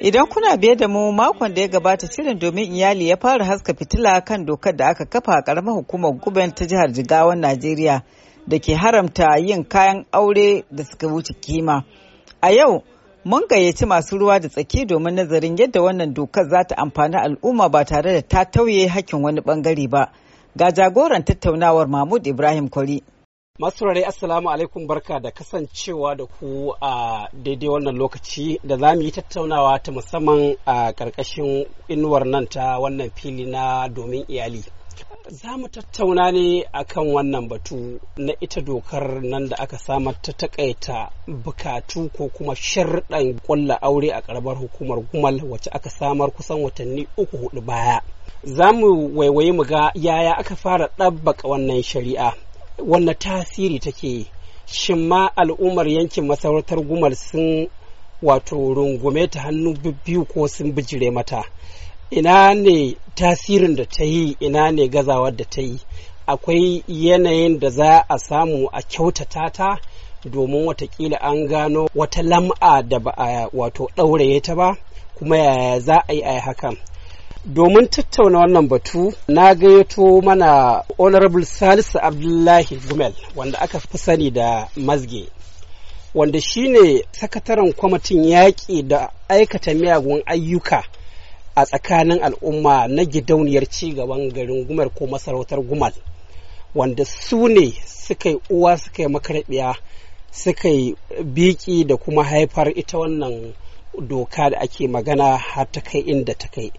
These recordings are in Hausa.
Idan kuna biye da mu makon da ya gabata shirin domin iyali ya fara haska fitila kan dokar da aka kafa a karamar hukumar guben ta jihar Jigawan Najeriya da ke haramta yin kayan aure da suka wuce kima. A yau mun gayyaci masu ruwa da tsaki domin nazarin yadda wannan dokar za ta amfani al'umma ba tare da ta tauye hakkin wani bangare ba. Ga jagoran tattaunawar Mahmud Ibrahim Kwari. Masu rare Assalamu alaikum barka da kasancewa da ku a daidai wannan lokaci da za mu yi tattaunawa ta musamman a ƙarƙashin inuwar nan ta wannan fili na domin iyali. Za mu tattauna ne akan wannan batu na ita dokar nan da aka samar ta takaita bukatu ko kuma sharɗan ƙulla aure a ƙaramar hukumar gumal wacce aka samar kusan watanni uku hudu baya. Za mu waiwayi mu ga yaya aka fara ɗabbaka wannan shari'a. wannan tasiri take shin ma al'ummar yankin masarautar gumal sun wato rungume ta hannu biyu ko sun bijire mata ina ne tasirin da ta yi ina ne gazawar da ta yi akwai yanayin da za a samu a kyautata ta domin watakila an gano wata lam'a da ba a wato ɗauraye ta ba kuma yaya za a yi a hakan domin tattauna wannan batu na gayyato mana honorable salisu abdullahi gumel wanda aka fi sani da mazge wanda shine sakataren kwamitin yaƙi da aikata miyagun ayyuka a tsakanin al'umma na gidauniyar cigaban garin gumel ko masarautar Gumel, wanda su ne suka yi uwa suka yi makarabiya suka yi biki da kuma haifar ita wannan doka da ake magana har ta kai inda ta kai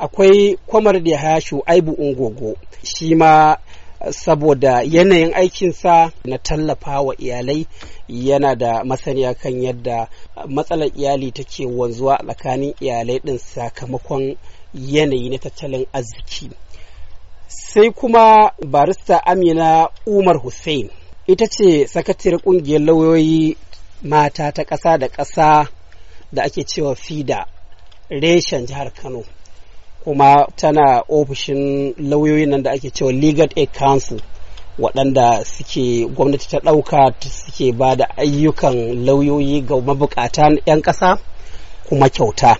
akwai kwamar da ya aibu ungogo shi ma saboda yanayin aikinsa na tallafa wa iyalai yana da masaniya kan yadda matsalar iyali take wanzuwa a tsakanin iyalai ɗin sakamakon yanayi na tattalin arziki sai kuma barista amina umar hussein ita ce sakatar ƙungiyar lauyoyi mata ta ƙasa da ƙasa da ake cewa fida reshen jihar kano kuma tana ofishin lauyoyin nan da ake cewa legal aid council waɗanda suke gwamnati ta ɗauka suke ba da ayyukan lauyoyi ga mabukatan 'yan ƙasa kuma kyauta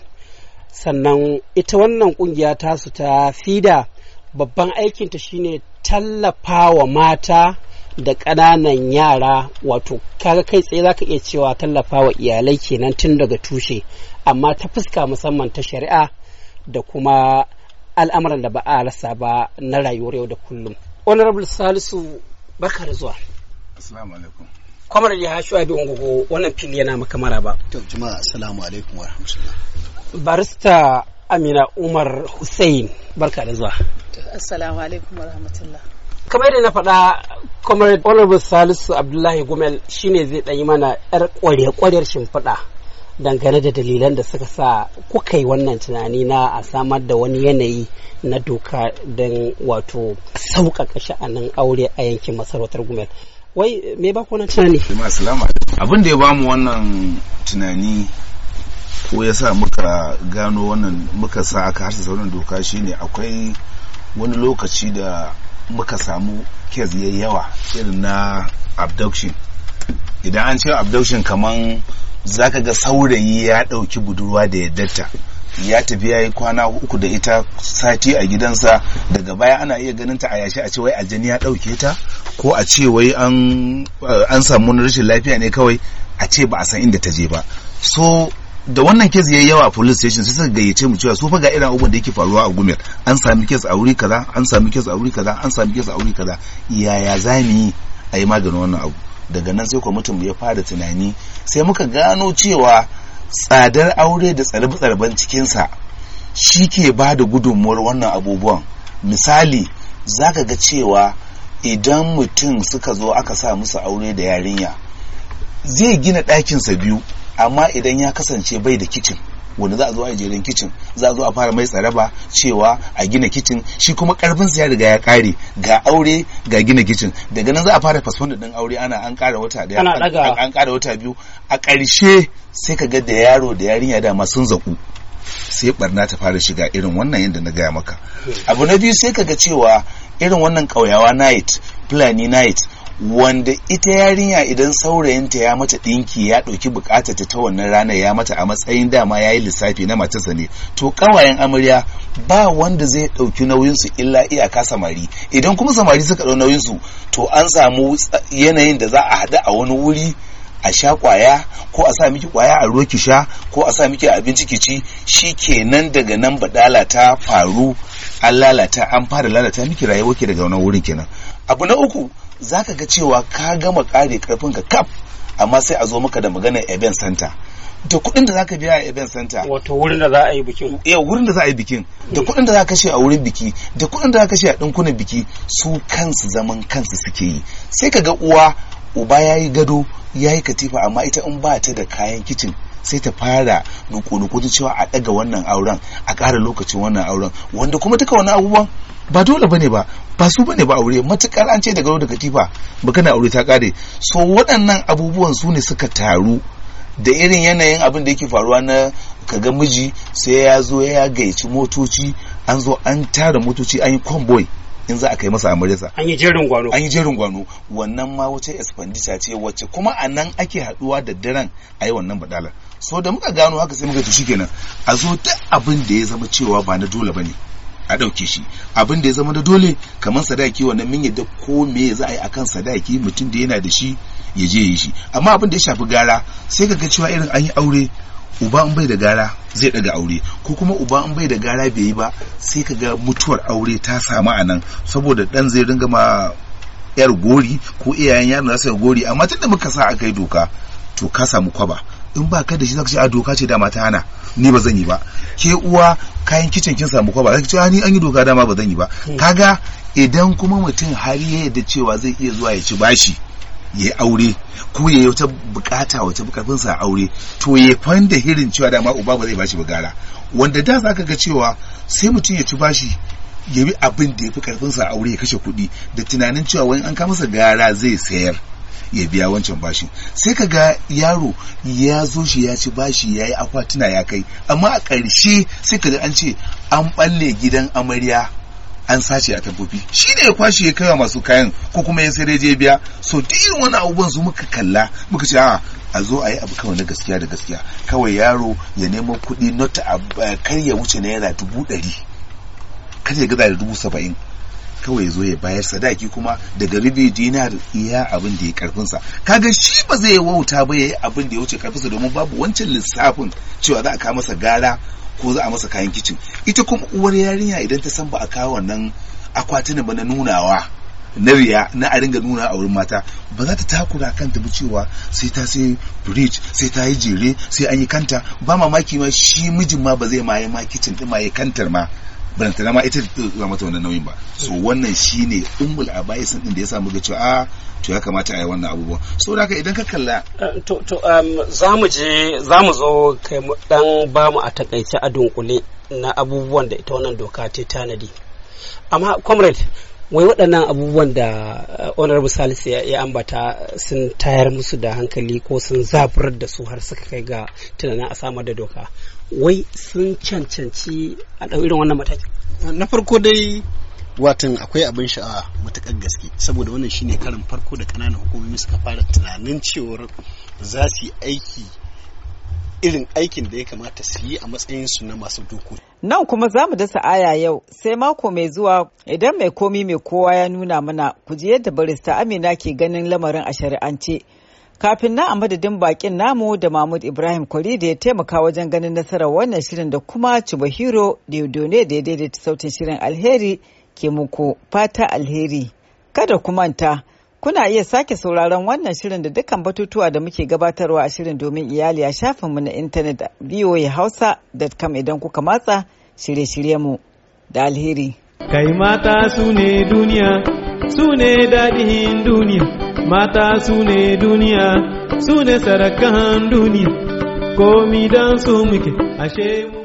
sannan ita wannan ƙungiya tasu ta fida babban aikinta shine wa mata da ƙananan yara wato kaga kai tsaye za ka iya cewa tallafawa iyalai kenan tun daga tushe amma ta fuska musamman ta shari'a da kuma al'amuran da ba a rasa ba na rayuwar yau da kullum. Honorable Salisu barka da zuwa. Assalamu alaikum. Kwamar ya shuwa biyan gugu wannan fili yana maka ba. To jima assalamu alaikum wa Barista Amina Umar Hussein barka da zuwa. Assalamu alaikum wa rahmatullah. kamar yadda na faɗa comrade honorable salisu abdullahi gumel shine zai ɗanyi mana yar ƙware ƙwarar shimfiɗa dangane da dalilan da suka sa kuka yi wannan tunani na a samar da wani yanayi na doka don wato sauƙaƙa sha'anin aure a yankin masarautar gumel wai me ba wannan tunani abin da ya bamu wannan tunani ko ya sa muka gano wannan muka sa aka harsasa wannan doka shine akwai wani lokaci da muka samu kes yayi yawa irin na abduction idan an ce abduction kaman zaka ga saurayi ya ɗauki budurwa da yaddarta ya tafi ya yi kwana uku da ita sati a gidansa daga baya ana iya ganin ta a yashi a ce wai aljani ya dauke ta ko a ce wai an eh, samu rashin lafiya ne kawai a ce ba a san inda ta je ba so da wannan kes yayi yawa a police station sai suka gayyace mu cewa su fa ga irin abubuwan da yake faruwa a Gumel an sami kes a wuri kaza an sami kes a wuri kaza an sami kes a wuri kaza yaya za yi a yi maganin wannan abu daga nan sai mutum ya fara tunani sai muka gano cewa tsadar aure da tsarbe-tsarben cikinsa shi ke ba da gudunmuwar wannan abubuwan misali zaka ga cewa idan mutum suka zo aka sa musu aure da yarinya zai gina ɗakinsa biyu amma idan ya kasance bai da kicin wanda za a zo a jerin kicin za a zo a fara mai tsaraba cewa a gina kicin shi kuma karfin sa ya riga ya kare ga aure ga gina kicin daga nan za a fara fasfon din aure ana an kara wata daya an kara wata biyu a ƙarshe sai ka ga da yaro da yarinya dama sun zaku sai barna ta fara shiga irin wannan yadda na gaya maka abu na biyu sai ka ga cewa irin wannan kauyawa night fulani night wanda ita yarinya idan saurayinta ya mata ɗinki ya ɗauki bukatar ta ta wannan ranar ya mata a matsayin dama ya yi lissafi na mace-sane, to ƙawayen amarya ba wanda zai ɗauki nauyinsu illa iyaka samari idan kuma samari suka ɗau nauyinsu to an samu yanayin da za a haɗu a wani wuri a sha kwaya ko a sa miki kwaya a ruwa ki sha ko a sa miki abinci ki ci shi kenan daga nan badala ta faru an lalata an fara lalata miki rayuwa ki daga wannan wurin kenan abu na uku za ka ga cewa ka gama kare karfin ka kaf amma sai a zo maka da maganar event center da kuɗin da za ka biya a event center wato wurin da za a yi bikin eh wurin da za a yi bikin da kuɗin da za ka kashe a wurin biki da kuɗin da za ka kashe a ɗinkunan biki su kansu zaman kansu suke yi sai ka ga uwa uba ya yi gado ya yi katifa amma ita in ba ta da kayan kicin sai ta fara nuku ta cewa a ɗaga wannan auren a ƙara lokacin wannan auren wanda kuma duka wani abubuwan ba dole ba ne ba ba su ne ba aure matukar an ce daga da katifa na aure ta ƙare so waɗannan abubuwan su ne suka taru da irin yanayin abin da yake faruwa na kaga miji sai ya zo ya gaici motoci an zo an tara motoci an yi convoy in za a kai masa amaryarsa an yi jerin gwano an yi jerin gwano wannan ma wata expenditure ce wacce kuma a nan ake haɗuwa da daren a yi wannan badalar so da muka gano haka sai muka to kenan a zo duk abin da ya zama cewa ba na dole bane a ɗauke shi abin da ya zama da dole kamar sadaki wannan min yadda ko me za a yi akan sadaki mutum da yana da shi ya je yi shi amma abin da ya shafi gara sai ka ga cewa irin an yi aure uba in bai da gara zai daga aure ko kuma uba in bai da gara bai yi ba sai ka ga mutuwar aure ta samu a nan saboda dan zai ringa ma yar gori ko iyayen yaron za su yi gori amma tunda muka sa aka yi doka to ka samu kwaba in ba ka da shi zaka ce a doka ce dama ta hana ni ba zan yi ba ke uwa kayan kicin kin samu kwaba zaka ce ni an yi doka dama ba zan yi ba hmm. kaga idan kuma mutum har ya yarda cewa zai iya zuwa ya ci bashi ya yi aure ko ya yi wata bukata wata sa aure to ya fanda hirin cewa dama uba ba zai bashi ba gara wanda da zaka ga cewa sai mutum ya ci bashi ya bi abin da ya fi karfinsa aure ya kashe kuɗi da tunanin cewa wani an kama masa gara zai sayar ya biya wancan bashin sai ka ga yaro ya zo shi ya ci bashi ya yi akwatuna ya kai amma a ƙarshe sai ka an ce an ɓalle gidan amarya an sace a tabbobi shi ne ya kwashe ya kawo masu kayan ko kuma ya sai je biya so duk irin wani abubuwan su muka kalla muka ce a a zo a yi abu kawai na gaskiya da gaskiya kawai yaro ya nemo kuɗi not kar ya wuce naira dubu ɗari kar ya gaza da dubu saba'in kawai zo ya bayar sadaki kuma daga rubi dinar iya abin da ya karfinsa kaga shi ba zai yi wauta ba yayi abin da ya wuce karfinsa domin babu wancan lissafin cewa za a kawo masa gara ko za a masa kayan kicin ita kuma uwar yarinya idan ta san ba a kawo wannan akwatuna ba na nunawa na riya na a ringa nuna a wurin mata ba za ta takura kanta ba cewa sai ta sai bridge sai ta yi jere sai an yi kanta ba mamaki ma shi mijin ma ba zai ma yi ma kicin din ma yi kantar ma ta ma ita ta mata wannan nauyin ba so wannan shine ummul abaisin din da ya samu ga cewa ah, to ya kamata a yi wannan abubuwa so haka idan ka kalla eh, to to um, za mu je za mu zo kai mu dan ba mu a takaice a dunkule na abubuwan da ita wannan doka ta tanadi amma comrade wai waɗannan abubuwan da eh, onar salisu ya ambata sun tayar musu da hankali ko sun zaburar da su har suka kai ga tunanin a samar da doka wai sun cancanci a ɗau irin wannan mataki na farko dai watan akwai abin sha'a matuƙar gaske saboda wannan shine karin farko da ƙananan hukumomi suka fara tunanin cewar za su yi aiki irin aikin da ya kamata su yi a matsayinsu na masu dokoki. Nan kuma za mu dasa aya yau sai mako mai zuwa idan mai komi mai kowa ya nuna mana ku ji yadda barista Amina ke ganin lamarin a shari'ance. Kafin na a madadin bakin namu da Mahmud Ibrahim Kwari da ya taimaka wajen ganin nasarar wannan shirin da kuma Chibahiro da Yodone da ya daidaita sautin shirin alheri ke muku fata alheri. Kada ku manta. Kuna iya sake sauraron wannan shirin da dukkan batutuwa da muke gabatarwa a shirin domin iyali a shafinmu na intanet voahausa.com idan kuka matsa shirye-shiryenmu da alheri. Kai mata su ne duniya, su ne daɗin duniya, mata su ne duniya, su ne sarakan duniya, komi don su muke ashe mu.